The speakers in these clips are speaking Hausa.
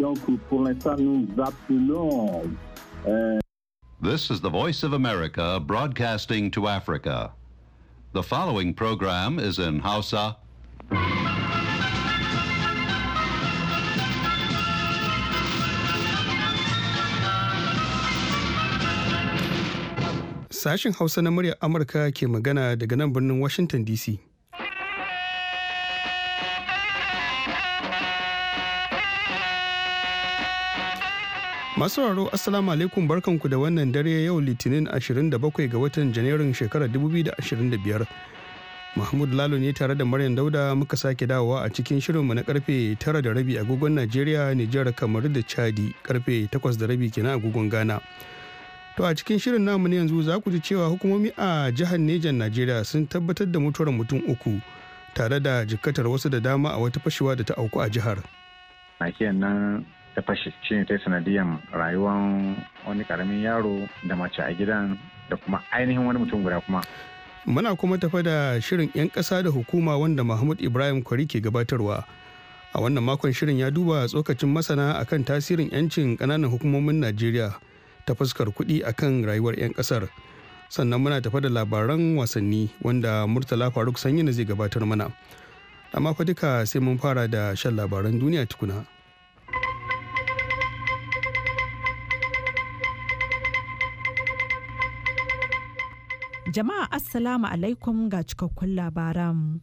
donc, pour l'instant, nous appelons. Euh... This is the Voice of America broadcasting to Africa. The following program is in Hausa. Sashen Hausa na muryar Amurka ke magana daga nan birnin Washington DC. Masu raro Assalamu alaikum barkanku da wannan dare yau Litinin 27 ga watan Janairun shekarar 2025. Mahmud Lalo ne tare da Maryam Dauda muka sake dawowa a cikin shirinmu na karfe 9 da rabi agogon Najeriya, Nijar, kamar da Chadi, karfe 8 da rabi kenan agogon Ghana. To a cikin shirin namu ne yanzu za ku ji cewa hukumomi a jihar Nejan Najeriya sun tabbatar da mutuwar mutum uku tare da jikkatar wasu da dama a wata fashewa da ta auku a jihar. nan ta fashe shi ne ta sanadiyan rayuwar wani karamin yaro da mace a gidan da kuma ainihin wani mutum guda kuma muna kuma tafa da shirin 'yan ƙasa da hukuma wanda mahmud ibrahim kwari ke gabatarwa a wannan makon shirin ya duba tsokacin masana akan tasirin 'yancin ƙananan hukumomin najeriya ta fuskar kuɗi akan rayuwar 'yan ƙasar sannan muna tafa da labaran wasanni wanda murtala faruk sanyi zai gabatar mana amma fa duka sai mun fara da shan labaran duniya tukuna. Jama'a Assalamu alaikum ga cikakkun labaran.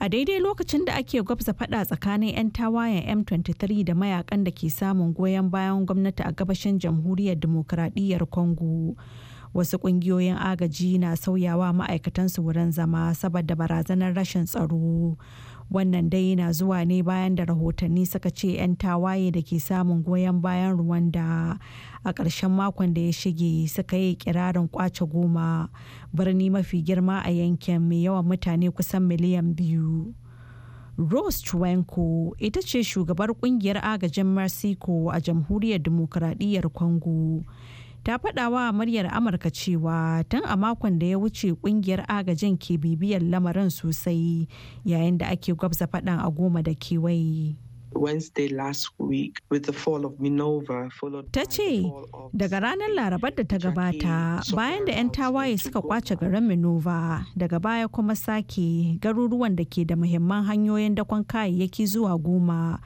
A daidai lokacin da ake gwabza fada tsakanin 'yan tawayen M23 da mayakan da ke samun goyon bayan gwamnati a gabashin jamhuriyar demokuraɗiyyar Congo. Wasu ƙungiyoyin agaji na sauyawa ma'aikatansu wurin zama saboda barazanar rashin tsaro. wannan dai na zuwa ne bayan da rahotanni suka ce 'yan tawaye da ke samun goyon bayan ruwanda a ƙarshen makon da ya shige suka yi kirarin kwace goma birni mafi girma a yankin mai yawan mutane kusan miliyan biyu Rose chuenko ita ce shugabar kungiyar agajin marsiko a jamhuriyar demokuraɗiyyar Congo. ta faɗawa muryar amurka cewa tun a makon da ya wuce kungiyar agajin ke bibiyar lamarin sosai yayin da ake gwabza faɗan a goma da kewaye Wednesday last week with the fall of Minova followed Ta ce daga ranar Larabar da ta gabata bayan da 'yan tawaye suka kwace garin Minova daga baya kuma sake garuruwan da ke da muhimman hanyoyin dakon kayayyaki zuwa goma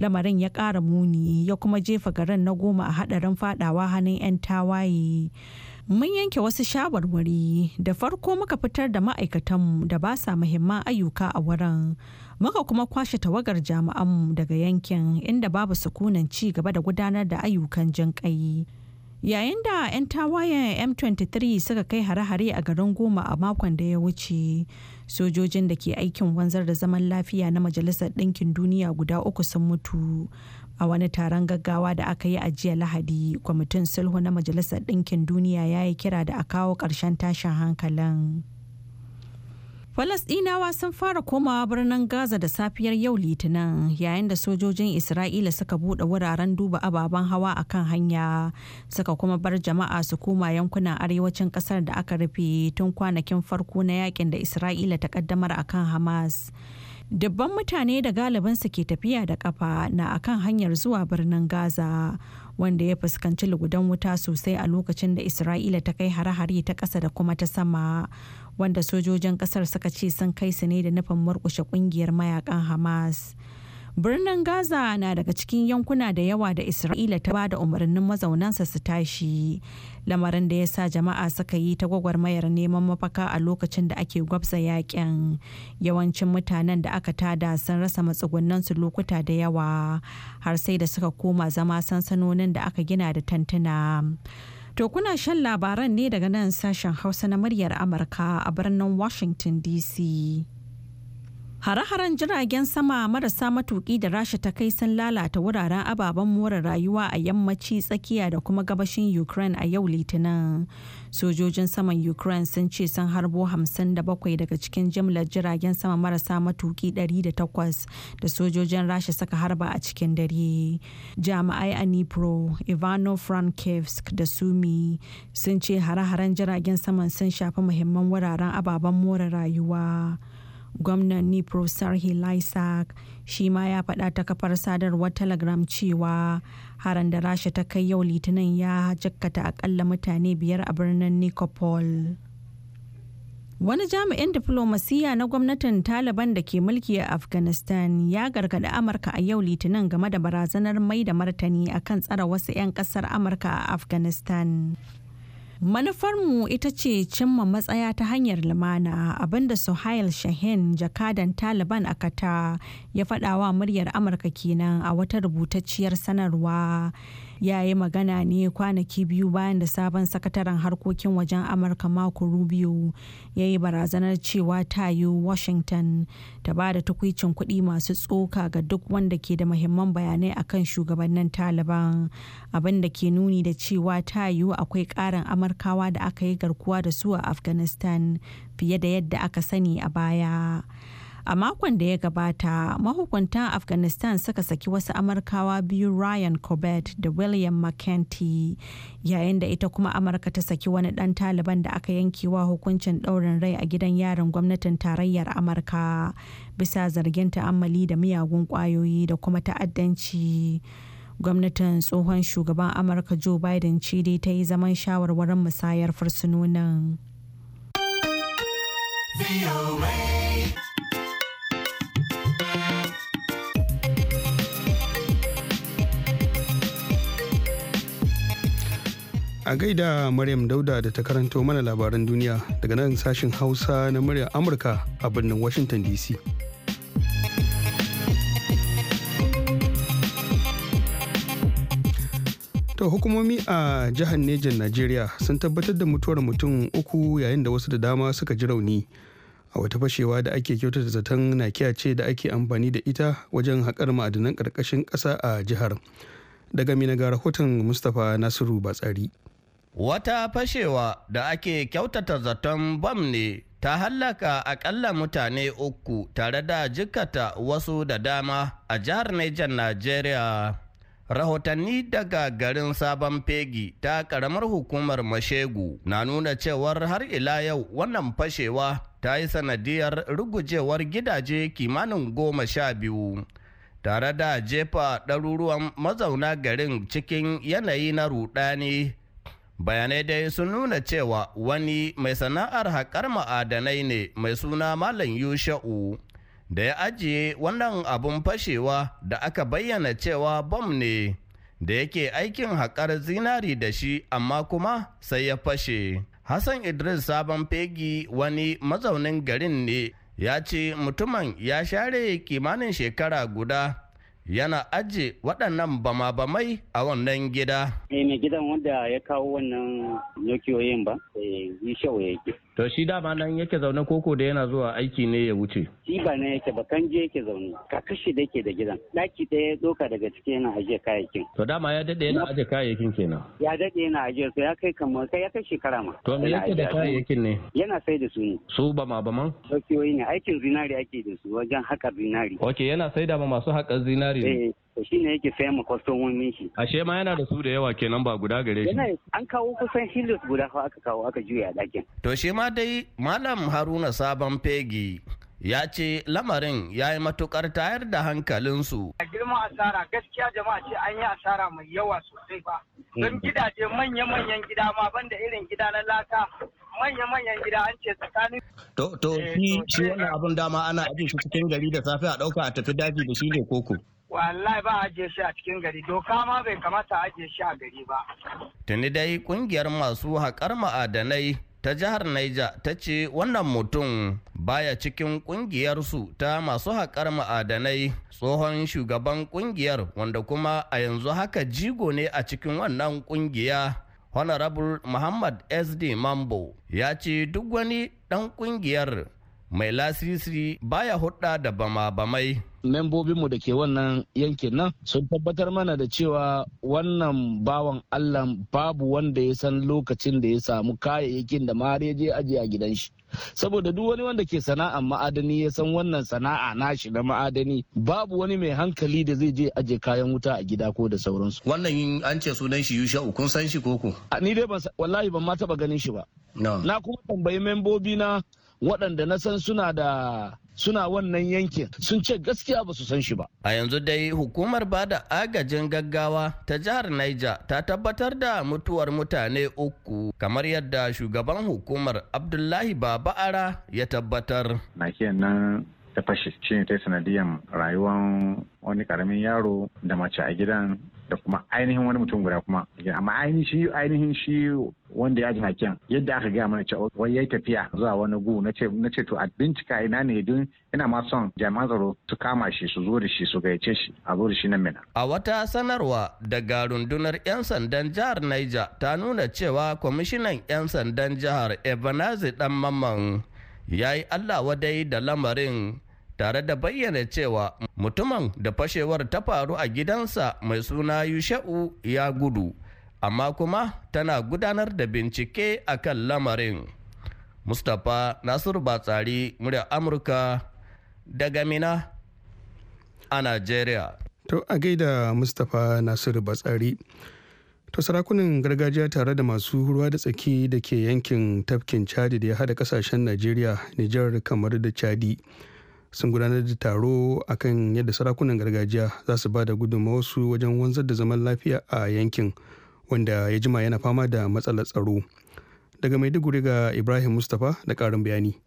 lamarin ya ƙara muni ya kuma jefa garin na goma a hadarin fadawa hannun 'yan tawaye mun yanke wasu shawarwari da farko muka fitar da ma'aikatanmu da ba sa muhimman ayyuka a wurin muka kuma kwashe tawagar jami'anmu daga yankin inda babu sukunan ci gaba da gudanar da ayyukan jinƙai. yayin da 'yan tawayen m23 suka kai hare-hare a garin goma a makon da ya wuce sojojin da ke aikin wanzar da zaman lafiya na majalisar ɗinkin duniya guda uku sun mutu a wani taron gaggawa da aka yi a jiya lahadi kwamitin sulhu na majalisar ɗinkin duniya ya yi kira da a kawo ƙarshen tashin hankalin Falasɗinawa sun fara komawa birnin Gaza da safiyar yau Litinin yayin da sojojin Isra'ila suka buɗe wuraren duba ababen hawa a kan hanya suka kuma bar jama'a su koma yankunan arewacin ƙasar da aka rufe tun kwanakin farko na yakin da Isra'ila ta ƙaddamar a kan Hamas. dubban mutane da galibinsu ke tafiya da kafa na akan hanyar zuwa birnin gaza wanda ya fuskanci lugudan wuta sosai a lokacin da isra'ila ta kai hare-hare ta ƙasa da kuma ta sama wanda sojojin kasar suka ce sun kai su ne da nufin murkushe kungiyar mayakan hamas birnin gaza na daga cikin yankuna da yawa da isra'ila ta ba da umarnin mazaunansa su tashi lamarin da ya sa jama'a suka yi ta gwagwarmayar neman mafaka a lokacin da ake gwabza yakin yawancin mutanen da aka tada sun rasa matsugunansu lokuta da yawa har sai da suka koma zama sansanonin da aka gina da tantuna to kuna shan labaran ne daga nan sashen hausa na muryar amurka a birnin washington dc Hare-haren jiragen sama marasa matuƙi da rasha ta kai sun lalata wuraren ababen more rayuwa a yammaci tsakiya da kuma gabashin Ukraine a yau Litinin. Sojojin saman Ukraine sun ce sun harbo 57 daga cikin jimlar jiragen sama marasa matuƙi 108 da sojojin rasha suka harba a cikin dare. Jami'ai a Nipro, Ivano-Frankivsk da Sumi sun ce hare-haren jiragen saman sun shafi muhimman wuraren ababen more rayuwa. gwamnan ni Profesor Hilaisak shi ma ya faɗa ta kafar sadarwar telegram cewa haran da rasha ta kai yau litinin ya jakkata akalla mutane biyar a birnin nikopol wani jami'in diflomasiya na gwamnatin taliban da ke mulki a afghanistan ya gargaɗi amurka a yau litinin game da barazanar mai da martani akan tsara wasu 'yan ƙasar amurka a afghanistan Manufarmu ita ce cimma matsaya ta hanyar lumana abinda Suhail Shahin jakadan Taliban a Kata ya faɗawa muryar Amurka kenan a wata rubutacciyar sanarwa. ya yi magana ne kwanaki biyu bayan da sabon sakataren harkokin wajen amurka mako rubio ya yi barazanar cewa ta yi washington ta ba da tukwicin kuɗi masu tsoka ga duk wanda ke da mahimman bayanai akan shugabannin taliban abin da ke nuni da cewa ta yi akwai ƙarin amurkawa da aka yi garkuwa da su a afghanistan fiye da yadda aka sani a baya. A makon da ya gabata, mahukuntan Afghanistan suka saki wasu Amurkawa biyu Ryan Corbett da William McKenty, yayin da ita kuma Amurka ta saki wani ɗan Taliban da aka yankewa hukuncin ɗaurin rai a gidan yarin gwamnatin tarayyar Amurka, bisa zargin ta'ammali da miyagun ƙwayoyi da kuma ta'addanci. Gwamnatin tsohon shugaban Amurka Joe Biden ce dai ta yi zaman shawarwarin musayar fursunonin. a gaida maryam dauda da ta karanto mana labaran duniya daga nan sashen hausa na murya amurka a birnin washington dc to hukumomi a jihar nejan najeriya sun tabbatar da mutuwar mutum uku yayin da wasu da dama suka ji rauni a wata fashewa da ake kyautata zaton nakiya ce da ake amfani da ita wajen haƙar ma'adinan ƙarƙashin ƙasa a jihar daga mina ga rahoton mustapha nasiru batsari Wata fashewa da ake kyautata zaton bam ne ta hallaka akalla mutane uku tare da jikata wasu da dama a jihar Nijar Najeriya. Rahotanni daga garin Sabon Fegi ta ƙaramar hukumar Mashegu na nuna cewar har ila yau wannan fashewa ta yi sanadiyar rugujewar gidaje kimanin goma sha biyu. tare da jefa ɗaruruwan mazauna garin cikin yanayi na rudani bayanai dai sun nuna cewa wani mai sana'ar haƙar ma'adanai ne mai suna malam yusha'u da ya ajiye wannan abun fashewa da aka bayyana cewa bom ne da yake aikin haƙar zinari da shi amma kuma sai ya fashe hassan idris sabon fegi wani mazaunin garin ne ya ce mutumin ya share kimanin shekara guda yana ajiye waɗannan bama-bamai a wannan gida. Eh mai gidan wanda ya kawo wannan nokiyoyin ba, eh yi shawo yake. To shi dama nan yake zaune koko da yana zuwa aiki ne ya wuce. Shi ba nan yake ba kan je yake zaune. Kakashi da yake da gidan. Daki ɗaya ya doka daga ciki yana ajiye kayayyakin. To dama ya daɗe yana ajiye kayayyakin kenan. Ya daɗe yana ajiye su ya kai kamar kai ya kai shekara ma. To me yake da kayayyakin ne? Yana sai da su ne. Su ba ma ba man? Saukiyoyi ne aikin zinari ake da su wajen haƙa zinari. Ok yana sai da ma masu haƙa zinari. ne. Eh. to shine yake sayan ma kwastomomin shi ashe ma yana da su da yawa kenan ba guda gare shi an kawo kusan Helios guda fa aka kawo aka juya dakin to shi ma dai malam haruna sabon fegi ya ce lamarin ya yi matukar tayar da hankalinsu. A girman asara gaskiya jama'a ce an yi asara mai yawa sosai ba. Don gidaje manya-manyan gida ma banda irin gida na laka manya-manyan gida an ce tsakanin. To, to, shi wannan abun dama ana ajiye shi cikin gari da safe a ɗauka a tafi daji da shi ne koko. wallahi ba ajiye shi a cikin gari doka ma bai kamata ajiye shi a gari ba tuni dai kungiyar masu haƙar ma'adanai ta jihar Niger ta ce wannan mutum baya cikin kungiyarsu ta masu haƙar ma'adanai tsohon shugaban kungiyar wanda kuma a yanzu haka jigo ne a cikin wannan kungiya honorable muhammad sd mambo ya ce duk wani dan kungiyar mai lasisi baya hudda da bama-bamai membobinmu da ke wannan yankin nan sun tabbatar mana da cewa wannan bawan allah babu wanda ya san lokacin da ya samu kayayyakin da ma ya je ajiye a gidan shi saboda duk wani wanda ke sana'an ma'adani ya san wannan sana'a nashi na ma'adani babu wani mai hankali da zai je aje kayan wuta a gida ko da sauransu wannan an ce sunan shi yusha kun san shi koko ni dai ban wallahi ban ma taba ganin shi ba na kuma tambayi membobi na waɗanda na san suna da suna wannan yankin sun ce gaskiya ba su san shi ba. A yanzu dai hukumar bada agajin gaggawa ta jihar Niger ta tabbatar da mutuwar mutane uku kamar yadda shugaban hukumar Abdullahi Baba'ara ya tabbatar. Na kenan ta fashe shi ta sanadiyan rayuwar wani karamin yaro da mace a gidan da kuma ainihin wani mutum guda kuma amma ainihin shi ainihin shi wanda ya ji hakiyan yadda aka gaya mana cewa wai yayi tafiya zuwa wani gu na ce to a bincika ina ne don ina ma son jami'an tsaro su kama shi su zo da shi su gayyace shi a zo da shi nan a wata sanarwa daga rundunar yan sandan jihar Niger ta nuna cewa kwamishinan yan sandan jihar Ebenezer dan Mamman yayi Allah wadai da lamarin tare da bayyana cewa mutumin da fashewar ta faru a gidansa mai suna yusha'u ya gudu amma kuma tana gudanar da bincike a kan lamarin mustapha nasiru batsari murya amurka daga mina a nigeria to a gaida mustapha nasiru batsari to sarakunan gargajiya tare da masu ruwa da tsaki da ke yankin tafkin chadi da ya hada kasashen nigeria nijar kamar da chadi sun gudanar da taro akan yadda sarakunan gargajiya za su ba da gudunmawarsu wajen wanzar da zaman lafiya a yankin wanda ya jima yana fama da matsalar tsaro daga maiduguri ga ibrahim mustapha da karin bayani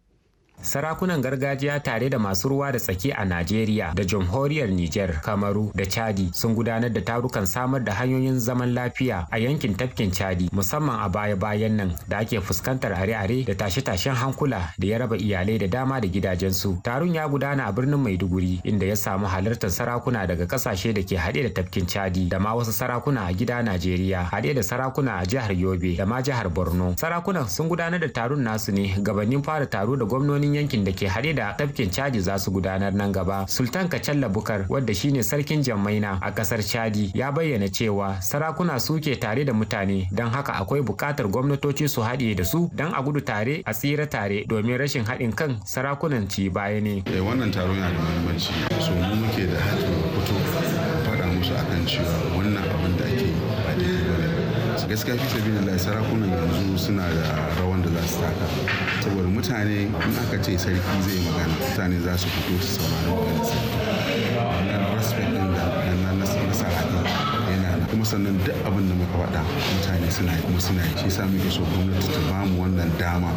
sarakunan gargajiya tare da masu ruwa da tsaki a Najeriya da jamhuriyar Niger, Kamaru da Chadi sun gudanar da tarukan samar da hanyoyin zaman lafiya a yankin tafkin Chadi musamman a baya-bayan nan da ake fuskantar are-are da tashe-tashen hankula da ya raba iyalai da dama da gidajensu. Tarun ya gudana a birnin Maiduguri inda ya samu halartar sarakuna daga kasashe da ke haɗe da tafkin Chadi da ma wasu sarakuna a gida Najeriya haɗe da sarakuna a jihar Yobe da ma jihar Borno. Sarakunan sun gudanar da taron nasu ne gabanin fara taro da gwamnonin yankin da ke hare da tafkin chadi za su gudanar nan gaba sultan kacalla bukar wadda shine sarkin jammaina a kasar chadi ya bayyana cewa sarakuna suke tare da mutane don haka akwai buƙatar gwamnatoci su haɗe da su don a gudu tare a tsira tare domin rashin haɗin kan sarakunan ci baya ne eh, wannan taro yana da muhimmanci so mu gaskiya fi sabilillahi sarakunan yanzu suna da rawan da za su taka saboda mutane in aka ce sarki zai magana mutane za su fito su saurari maganar sarki sannan duk abin da muka faɗa mutane suna yi kuma suna yi shi sa muke so gwamnati ta ba mu wannan dama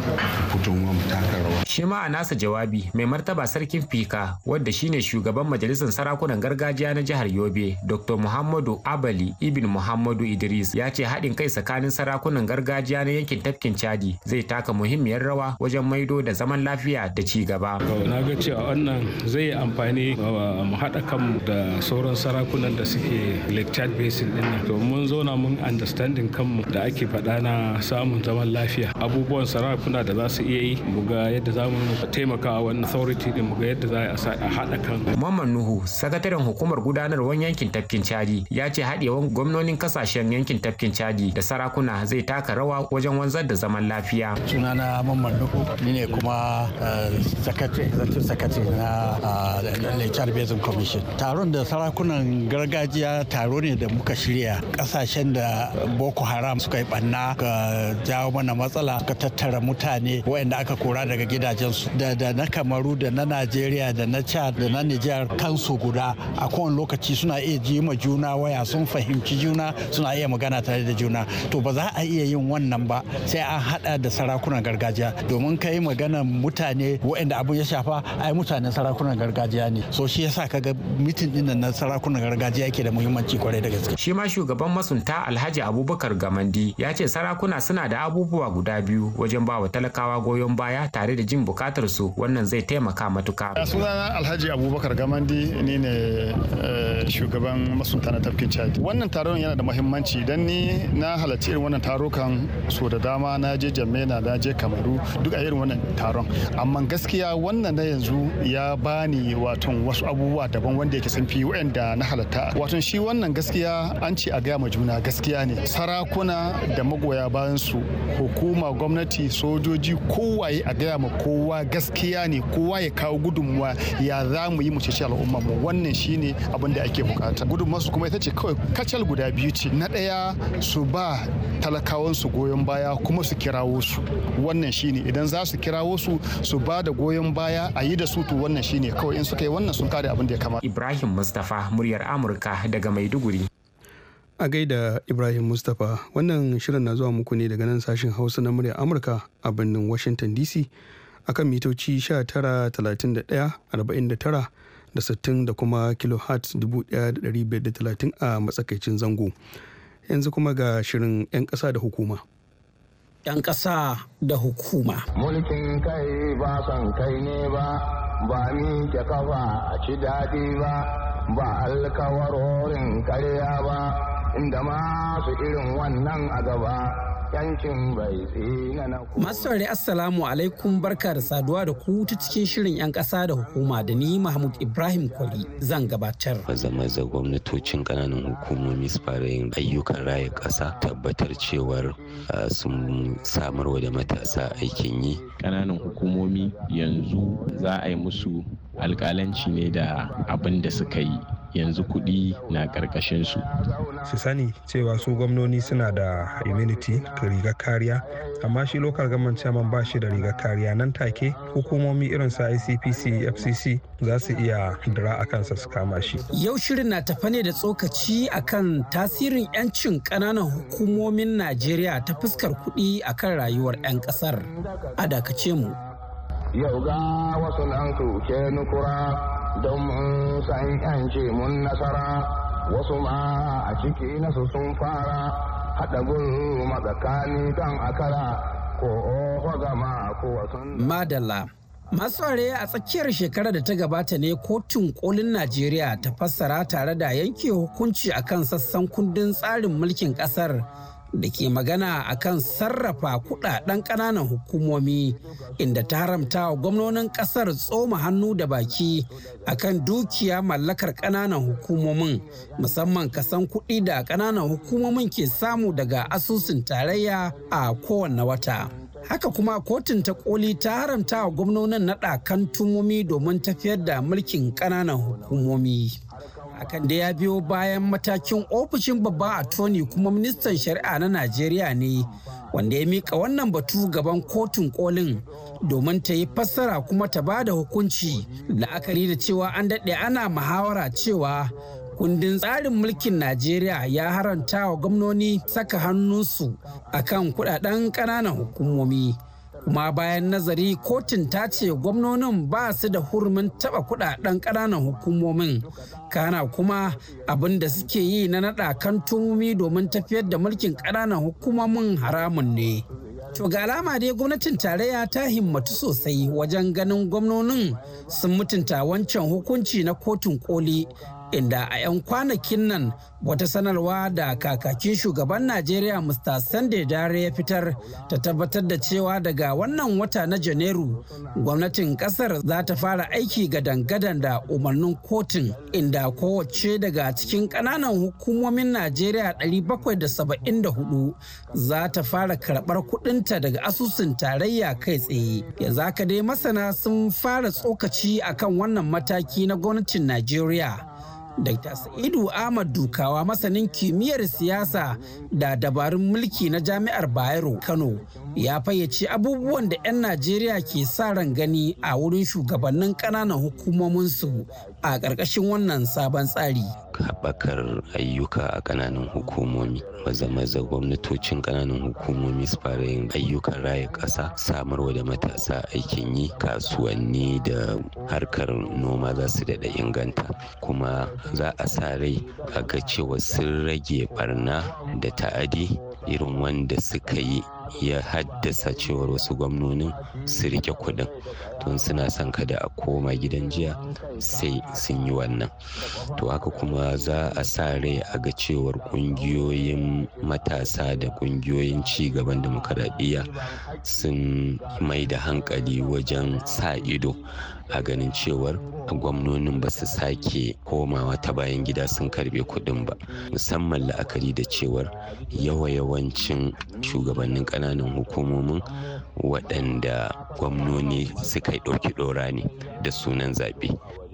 fitowa mu taka rawa. shi ma a nasa jawabi mai martaba sarkin fika wanda shine shugaban majalisar sarakunan gargajiya na jihar yobe dr muhammadu abali ibn muhammadu idris ya ce haɗin kai tsakanin sarakunan gargajiya na yankin tafkin chadi zai taka muhimmiyar rawa wajen maido da zaman lafiya da ci gaba. na ga cewa wannan zai yi amfani uh, mu haɗa kanmu da sauran sarakunan da suke lake chad basin ɗin to mun zauna mun understanding kanmu da ake faɗa na samun zaman lafiya abubuwan sarakuna da za su iya yi mu ga yadda za mu taimaka wannan authority din mu ga yadda za a haɗa kan Muhammad Nuhu sakataren hukumar gudanarwar yankin tafkin Chadi ya ce haɗewan gwamnonin kasashen yankin tafkin Chadi da sarakuna zai taka rawa wajen wanzar da zaman lafiya sunana Muhammad Nuhu ni ne kuma eh, sakatare na eh, Lechar Basin Commission taron da sarakunan gargajiya taro ne da muka shirya Najeriya kasashen da Boko Haram suka yi banna ga jawo mana matsala suka tattara mutane waɗanda aka kora daga gidajensu da da na Kamaru da na Najeriya da na Chad da na Nijar kansu guda a kowane lokaci suna iya ji ma juna waya sun fahimci juna suna iya magana tare da juna to ba za a iya yin wannan ba sai an hada da sarakunan gargajiya domin kai magana mutane waɗanda abu ya shafa ai mutane sarakunan gargajiya ne so shi yasa kaga mitin din na sarakunan gargajiya yake da muhimmanci kwarai da gaske shi ma shugaban masunta Alhaji Abubakar Gamandi ya ce sarakuna suna da abubuwa guda biyu wajen bawa talakawa goyon baya tare da jin bukatar su wannan zai taimaka matuka. Sunana Alhaji Abubakar Gamandi ni ne eh, shugaban masunta na tafkin Chad. Wannan taron yana da muhimmanci dan ni na halarci irin wannan tarukan so da dama na je Jamena na je Kamaru duk a irin wannan taron amma gaskiya wannan na yanzu ya bani wato wasu abubuwa daban wanda yake san fi da na halatta wato shi wannan gaskiya an ce a gaya ma juna gaskiya ne sarakuna da magoya bayan su hukuma gwamnati sojoji kowaye a gaya ma kowa gaskiya ne kowa ya kawo gudunmuwa ya za mu yi mu ceci al'umma mu wannan shine abin da ake bukata gudunmuwa su kuma ita ce kawai kacal guda biyu ce na ɗaya su ba talakawan su goyon baya kuma su kirawo su wannan shine idan za su kirawo su su ba da goyon baya a yi da su to wannan shine kawai in suka yi wannan sun kare abin da ya kamata Ibrahim Mustapha muryar Amurka daga Maiduguri A gaida Ibrahim Mustapha wannan shirin na zuwa muku ne daga nan sashen Hausa na murya Amurka a birnin Washington DC akan mitoci 1931 49 da 60 da kuma kilohertz 1530 a matsakaicin zango. Yanzu kuma ga shirin 'yan ƙasa da hukuma. 'Yan ƙasa da hukuma. Mulkin kai ba san kai ne ba. ba ni ke kafa a ci daɗi ba ba alkawarorin karya ba inda masu irin wannan a gaba yankin bai na Masu saurari Assalamu alaikum barka da saduwa da ku ta cikin shirin 'yan ƙasa da hukuma da ni Mahmud Ibrahim Kwari zan gabatar. Maza-maza gwamnatocin ƙananan hukumomi su fara yin ayyukan raya ƙasa tabbatar cewar sun samar wa da matasa aikin yi. Ƙananan hukumomi yanzu za a yi musu alƙalanci ne da abin da suka yi yanzu kuɗi na ƙarƙashin su su sani cewa su gwamnoni suna da immunity rigar kariya amma shi lokal gaman chairman ba shi da rigar kariya nan take hukumomi irin su icpc fcc za su iya dira a kansa su kama shi yau shirin na tafa ne da tsokaci akan tasirin yancin kananan hukumomin najeriya ta fuskar kuɗi akan rayuwar 'yan kasar a dakace mu yau ga wasu nan su ke nukura don mun san mun nasara wasu ma a ciki nasu sun fara haɗa gulu matsakani don akara ko oho gama ko wasu. madalla masu a tsakiyar shekarar da ta gabata ne kotun kolin najeriya ta fassara tare da yanke hukunci akan sassan kundin tsarin mulkin ƙasar. da ke magana a kan sarrafa kudaden ƙananan hukumomi inda ta haramta wa gwamnonin ƙasar tsoma hannu da baki a kan dukiya mallakar ƙananan hukumomin musamman kasan kuɗi da ƙananan hukumomin ke samu daga asusun tarayya a kowane wata. haka kuma kotun ta koli ta haramta wa gwamnonin naɗa kan tumomi domin tafiyar da mulkin ƙananan hukumomi. akan da ya biyo bayan matakin ofishin babban attorney kuma ministan shari'a na najeriya ne wanda ya mika wannan batu gaban kotun kolin domin ta yi fassara kuma ta ba da hukunci la'akari da cewa an daɗe ana muhawara cewa kundin tsarin mulkin najeriya ya haranta wa gwamnoni saka hannunsu akan kudaden ƙananan hukumomi kuma bayan nazari kotun ta ce gwamnonin ba su da hurumin taba kudaden ƙananan hukumomin kana kuma abin da suke yi na naɗa kan tumumi domin tafiyar da mulkin ƙananan hukumomin haramun ne To ga alama dai gwamnatin tarayya ta himmatu sosai wajen ganin gwamnonin sun mutunta wancan hukunci na kotun koli inda a 'yan kwanakin nan wata sanarwa da kakakin shugaban najeriya mr sunday dare ya fitar ta tabbatar da cewa daga wannan wata na janairu gwamnatin kasar za ta fara aiki ga dangadan da umarnin kotun inda kowace daga cikin kananan hukumomin najeriya 774 za ta fara karbar kudinta daga asusun tarayya kai tsaye yanzu haka dai masana sun fara tsokaci akan wannan mataki na gwamnatin najeriya Dr. Sa'idu Ahmad Dukawa masanin kimiyyar siyasa da dabarun mulki na Jami'ar Bayero Kano ya fayyace abubuwan da 'yan najeriya ke sa ran gani a wurin shugabannin ƙananan hukumominsu a ƙarƙashin wannan sabon tsari haɓakar ayyuka a ƙananan hukumomi maza-maza gwamnatocin ƙananan hukumomi su fara yin ayyukan raya ƙasa samarwa da matasa aikin yi kasuwanni da harkar noma za su daɗa inganta kuma za a sa rai a ga cewa sun rage ɓarna da ta'adi irin wanda suka yi ya haddasa cewar wasu gwamnonin su rike kuɗin tun suna son kada a koma gidan jiya sai sun yi wannan to haka kuma za a sa rai a ga cewar ƙungiyoyin matasa da ƙungiyoyin gaban demokaradiyya sun mai da hankali wajen sa ido a ganin cewar gwamnonin ba su sake komawa ta bayan gida sun karbe kuɗin ba musamman la'akari da cewar yawa yawancin shugabannin ƙananan hukumomin waɗanda gwamnoni suka ɗauki ɗora ne da sunan zaɓe.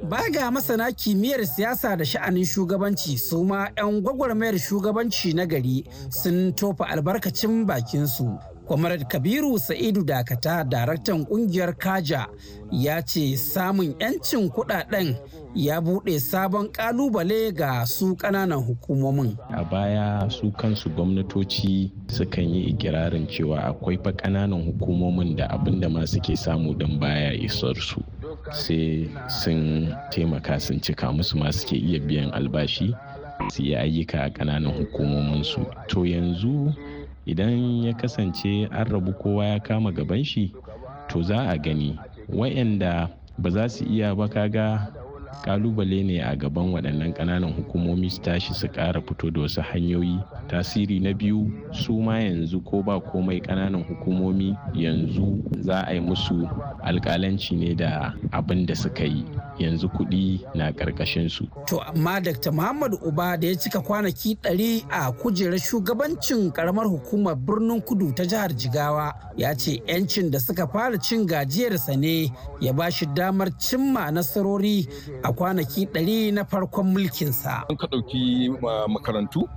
Ba ga masana kimiyyar siyasa da sha'anin shugabanci su ma 'yan gwagwarmayar shugabanci na gari sun tofa albarkacin bakinsu Kwamarar Kabiru Sa'idu Dakata, daraktan kungiyar Kaja, ya ce samun 'yancin kudaden ya buɗe sabon ƙalubale ga su ƙananan hukumomin. A baya su kansu gwamnatoci sukan yi ikirarin cewa akwai fa ƙananan hukumomin da abin da ma suke samu don baya isar su. Sai sun taimaka sun cika musu ma suke iya biyan albashi su yi ayyuka a ƙananan hukumominsu. To yanzu idan ya kasance an rabu kowa ya kama gaban shi to za a gani wayanda ba za su iya ba kaga kalubale ne a gaban waɗannan ƙananan hukumomi su tashi su ƙara fito da wasu hanyoyi tasiri na biyu su ma yanzu ko ba komai ƙananan hukumomi yanzu za a yi musu alƙalanci ne da abin da suka yi yanzu kuɗi na ƙarƙashin su. To amma Dr. Muhammad Uba da ya cika kwanaki ɗari a kujerar shugabancin ƙaramar hukumar birnin kudu ta jihar Jigawa ya ce 'yancin da suka fara cin gajiyarsa ne ya ba shi damar cimma nasarori a kwanaki ɗari na farkon mulkinsa. An ka ɗauki makarantu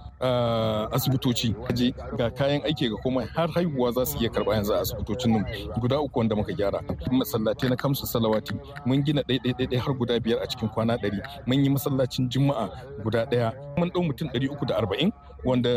asibitoci je ga kayan aiki ga komai har haihuwa za su iya karɓa yanzu a asibitocin nan guda uku wanda muka gyara. Masallatai na kamsu salawati mun gina ɗaiɗaiɗaiɗai har guda biyar a cikin kwana ɗari mun yi masallacin juma'a guda ɗaya mun ɗau mutum ɗari uku da arba'in wanda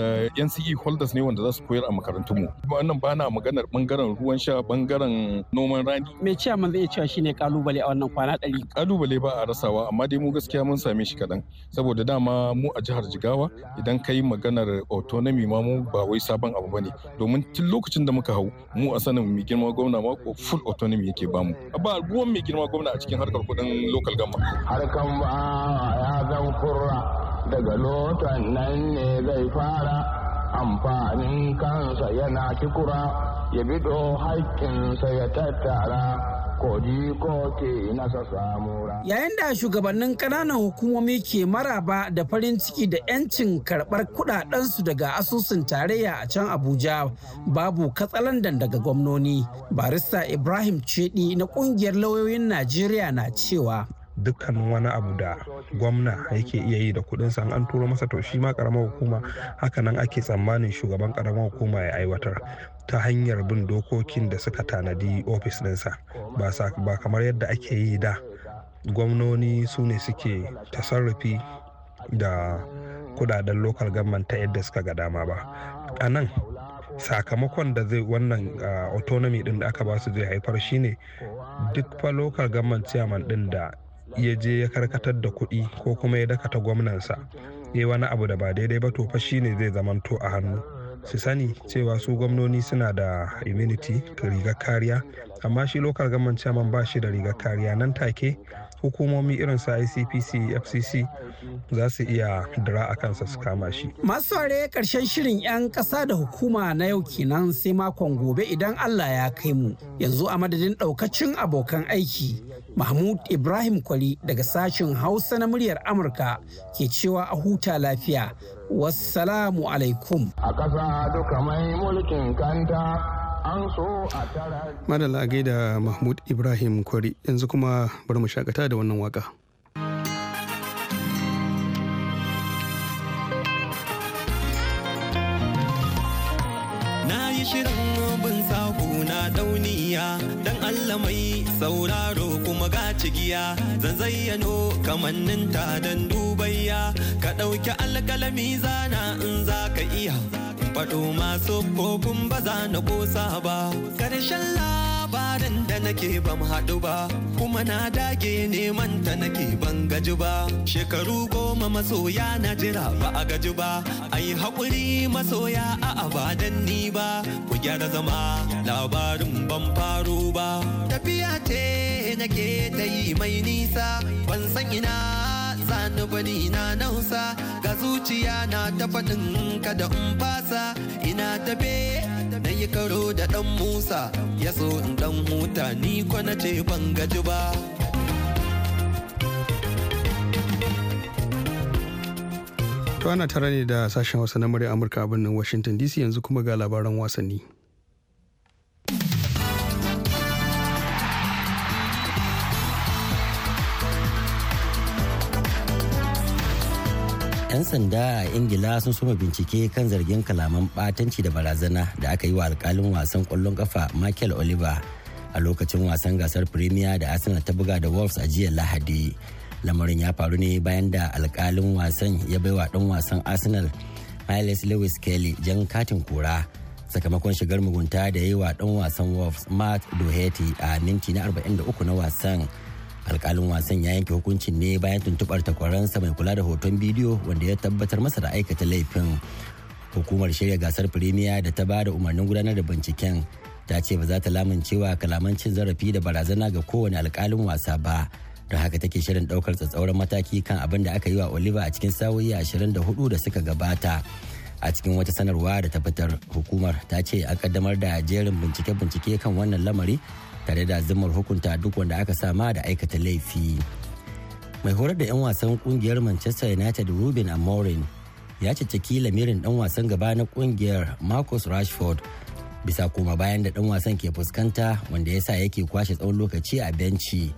NCE holders ne wanda za su koyar a makarantunmu. Wannan ba na maganar bangaren ruwan sha bangaren noman rani. Mai cewa man zai cewa shine kalubale a wannan kwana ɗari? Kalubale ba a rasawa amma dai mu gaskiya mun same shi kaɗan. Saboda dama mu a jihar Jigawa idan kai maganar autonomy ma mu ba wai sabon abu ba ne Domin tun lokacin da muka hau mu a sanin mai girma gwamna ma ko full autonomy yake bamu. Ba ruwan mai girma gwamna a cikin harkar kuɗin local gama. Harkan ba ah, ya zan kurra. daga lotan nan ne zai fara amfanin kansa yana kikura ya bido haƙƙinsa ya tattara ko ke nasa samura. Yayin da shugabannin ƙananan hukumomi ke maraba da farin ciki da 'yancin karɓar kuɗaɗensu daga asusun tarayya a can Abuja babu katsalandan daga gwamnoni. Barista Ibrahim Cedi na ƙungiyar lauyoyin Najeriya na cewa. dukkan wani abu da gwamna yake iya yi da kuɗinsa an turo masa to shi ma karamar hukuma hakanan ake tsammanin shugaban karamar hukuma ya aiwatar ta hanyar bin dokokin da suka tanadi ofis ɗinsa ba kamar yadda ake yi da gwamnoni su ne suke tasarrufi da kudaden lokal government ta yadda suka ga dama ba a nan sakamakon da zai wannan autonomy din da aka ba su zai haifar shine duk fa local government chairman din da ya je ya karkatar da kuɗi ko kuma ya dakata gwamnansa ya wani abu da ba daidai ba to fa ne zai zamanto a hannu su sani cewa su gwamnoni suna da immunity rigar kariya amma shi lokal gaman chairman ba shi da rigar kariya nan take hukumomi irin su icpc fcc za su iya dira a kansa su kama shi masu ware karshen shirin 'yan ƙasa da hukuma na yau kenan sai makon gobe idan allah ya kai mu yanzu a madadin ɗaukacin abokan aiki mahmud ibrahim kwali daga sashen hausa na muryar amurka ke cewa a huta lafiya wassalamu alaikum a ƙasa duka mai mulkin kanta an a Mahmud Ibrahim Kwari yanzu kuma bari mu shakata da wannan waka. shirin na dauniya dan Allah mai sauraro kuma ga cigiya zan zayyano kamanninta dan dubayya ka ɗauki alkalami zana in za ka iya faɗo masu kofin ba za na ƙosa ba ƙarshen labarin da nake ban haɗu ba kuma na dage neman ta nake ban gaji ba shekaru goma masoya na jira ba a gaji ba ai haƙuri masoya a abadan ni ba ku gyara zama labarin ban faru ba tafiya ce nake ta yi mai nisa ban san ina sani bani na nausa ga zuciya na ta faɗin kada in fasa ina tafe na yi karo da ɗan musa ya so in ɗan huta ni ko na ce ban gaji ba To ana tara ne da sashen Hausa na murya Amurka a birnin Washington DC yanzu kuma ga labaran wasanni. 'yan sanda a ingila sun soma bincike kan zargin kalaman batanci da barazana da aka yi wa alkalin wasan kwallon kafa michael oliver a lokacin wasan gasar premier da arsenal ta buga da wolves a jiya lahadi lamarin ya faru ne bayan da alkalin wasan ya bai wa dan wasan arsenal miles lewis kelly jan katin kura sakamakon shigar mugunta da yi wa dan wasan wolves matt doherty a minti na 43 na wasan alkalin wasan ya yanke hukuncin ne bayan tuntubar takwaransa mai kula da hoton bidiyo wanda ya tabbatar masa da aikata laifin hukumar shirya gasar firimiya da ta ba da umarnin gudanar da binciken ta ce ba za ta lamuncewa kalaman cin zarafi da barazana ga kowane alkalin wasa ba don haka take shirin daukar tsatsauran mataki kan abin da aka yi wa oliver a cikin sa'o'i ashirin da hudu da suka gabata a cikin wata sanarwa da ta fitar hukumar ta ce a kaddamar da jerin bincike-bincike kan wannan lamari tare da zumar hukunta duk wanda aka sama da aikata laifi mai horar da 'yan wasan kungiyar manchester united ruben amorin ya cicciki lamirin dan wasan gaba na kungiyar marcus rashford bisa kuma bayan da dan wasan ke fuskanta wanda ya sa yake kwashe tsawon lokaci a benci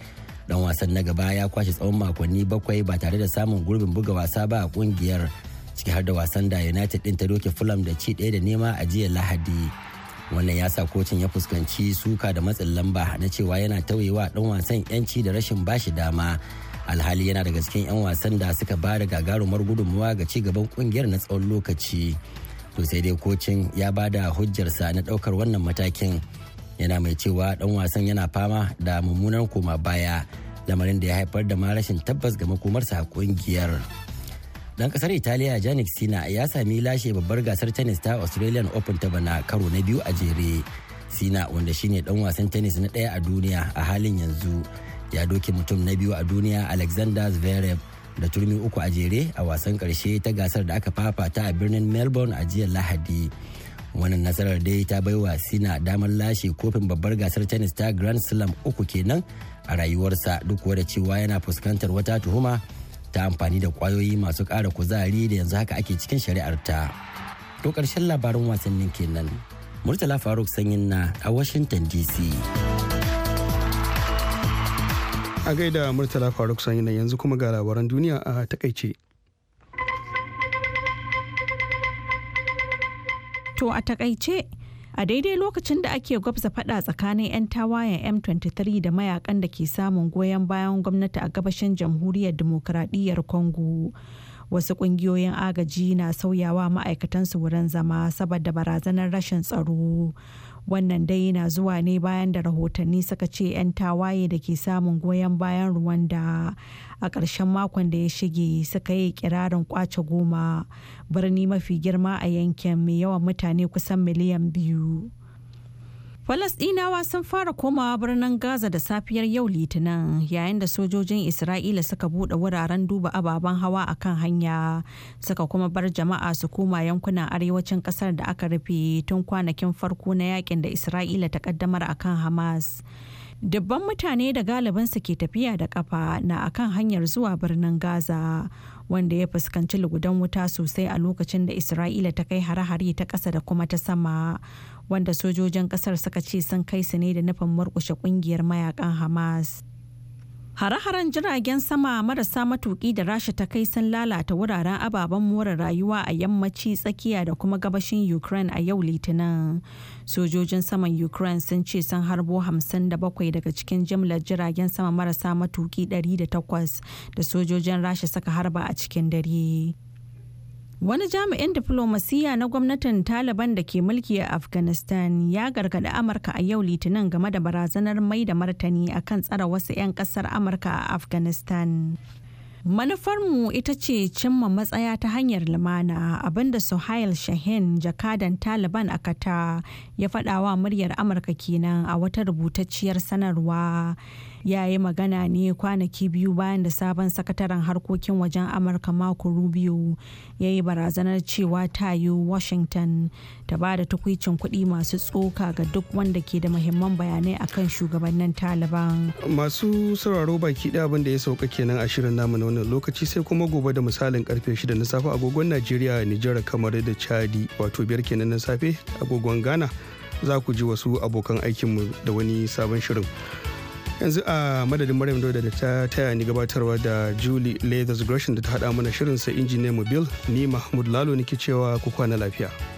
dan wasan na gaba ya kwashe tsawon makonni bakwai ba tare da samun gurbin buga wasa ba a kungiyar ciki har da wasan da united din ta doke fulham da ci ɗaya da nema a jiya lahadi wannan ya sa kocin ya fuskanci suka da matsin lamba na cewa yana tauyewa dan wasan yanci da rashin bashi dama alhali yana daga cikin 'yan wasan da suka ba da gagarumar gudunmuwa ga ci gaban kungiyar na tsawon lokaci to sai dai kocin ya ba da hujjarsa na daukar wannan matakin yana mai cewa dan wasan yana fama da mummunar koma baya lamarin da ya haifar da ma rashin tabbas ga makomarsa a kungiyar. dan kasar italiya janik sina ya sami lashe babbar gasar tennis ta australian open ta bana karo na biyu a jere sina wanda shine dan wasan tennis na daya a duniya a halin yanzu ya doke mutum na biyu a duniya alexander zverev da turmi uku a jere a wasan karshe ta gasar da aka fafata a birnin melbourne a jiya lahadi wannan nasarar dai ta baiwa sina damar lashe kofin babbar gasar tennis ta grand slam uku kenan a rayuwarsa duk da cewa yana fuskantar wata tuhuma ta amfani da kwayoyi masu ƙara kuzari da yanzu haka ake cikin shari'arta, ta. To ƙarshen labarin wasannin kenan. Murtala Faruk Sanyin na a Washington DC. A gaida Murtala Faruk Sanyin yanzu kuma ga labaran duniya a takaice. To a takaice a daidai lokacin da ake gwabza fada tsakanin 'yan tawayen m23 da mayakan da ke samun goyon bayan gwamnati a gabashin jamhuriyar demokradiyyar congo wasu kungiyoyin agaji na sauyawa ma'aikatansu wurin zama saboda barazanar rashin tsaro wannan dai na zuwa ne bayan da rahotanni suka ce 'yan tawaye da ke samun goyon bayan ruwan da a ƙarshen makon da ya shige suka yi kirarin kwace goma birni mafi girma a yankin mai yawan mutane kusan miliyan biyu. Falasɗinawa sun fara komawa birnin Gaza da safiyar yau Litinin yayin da sojojin Isra'ila suka bude wuraren duba ababen hawa a kan hanya suka kuma bar jama'a su koma yankunan arewacin kasar da aka rufe tun kwanakin farko na yakin da Isra'ila ta kaddamar a kan Hamas. dubban mutane da galibinsu ke tafiya da kafa na akan hanyar zuwa birnin gaza wanda ya fuskanci lugudan wuta sosai a lokacin da isra'ila ta kai hare-hare ta ƙasa da kuma ta sama wanda sojojin kasar suka ce sun kai su ne da nufin murkushe kungiyar mayakan hamas Hare-haren jiragen sama marasa matuƙi da rasha ta kai sun lalata wuraren ababen more rayuwa a yammaci tsakiya da kuma gabashin Ukraine a yau litinin. Sojojin saman Ukraine sun ce sun harbo 57 daga cikin jimlar jiragen sama marasa matuƙi 108 da sojojin rasha suka harba a cikin dare. Wani jami'in diflomasiyya na gwamnatin Taliban da ke mulki a Afghanistan ya gargaɗi Amurka a yau Litinin game da barazanar mai da martani kan tsara wasu 'yan ƙasar Amurka a Afghanistan. Manufarmu ita ce cimma matsaya ta hanyar lumana abinda Suhail Shahin jakadan Taliban a kata. ya faɗawa muryar amurka kenan a wata rubutacciyar sanarwa ya yi magana ne kwanaki biyu bayan da sabon sakataren harkokin wajen amurka mako rubio ya yi barazanar cewa ta yi washington ta ba da tukwicin kuɗi masu tsoka ga duk wanda ke da muhimman bayanai akan shugabannin taliban masu sauraro baki ɗaya abin ya sauka kenan a shirin namu na wannan lokaci sai kuma gobe da misalin karfe 6 na safe agogon najeriya nijar kamar da chadi wato biyar kenan na safe agogon ghana za ku ji wasu abokan aikinmu da wani sabon shirin yanzu a madadin maryam dauda da ta taya ni gabatarwa da julie leathers gresham da ta haɗa mana shirin sa injiniyan mobile ni mahmud lalo nake cewa ku kwana lafiya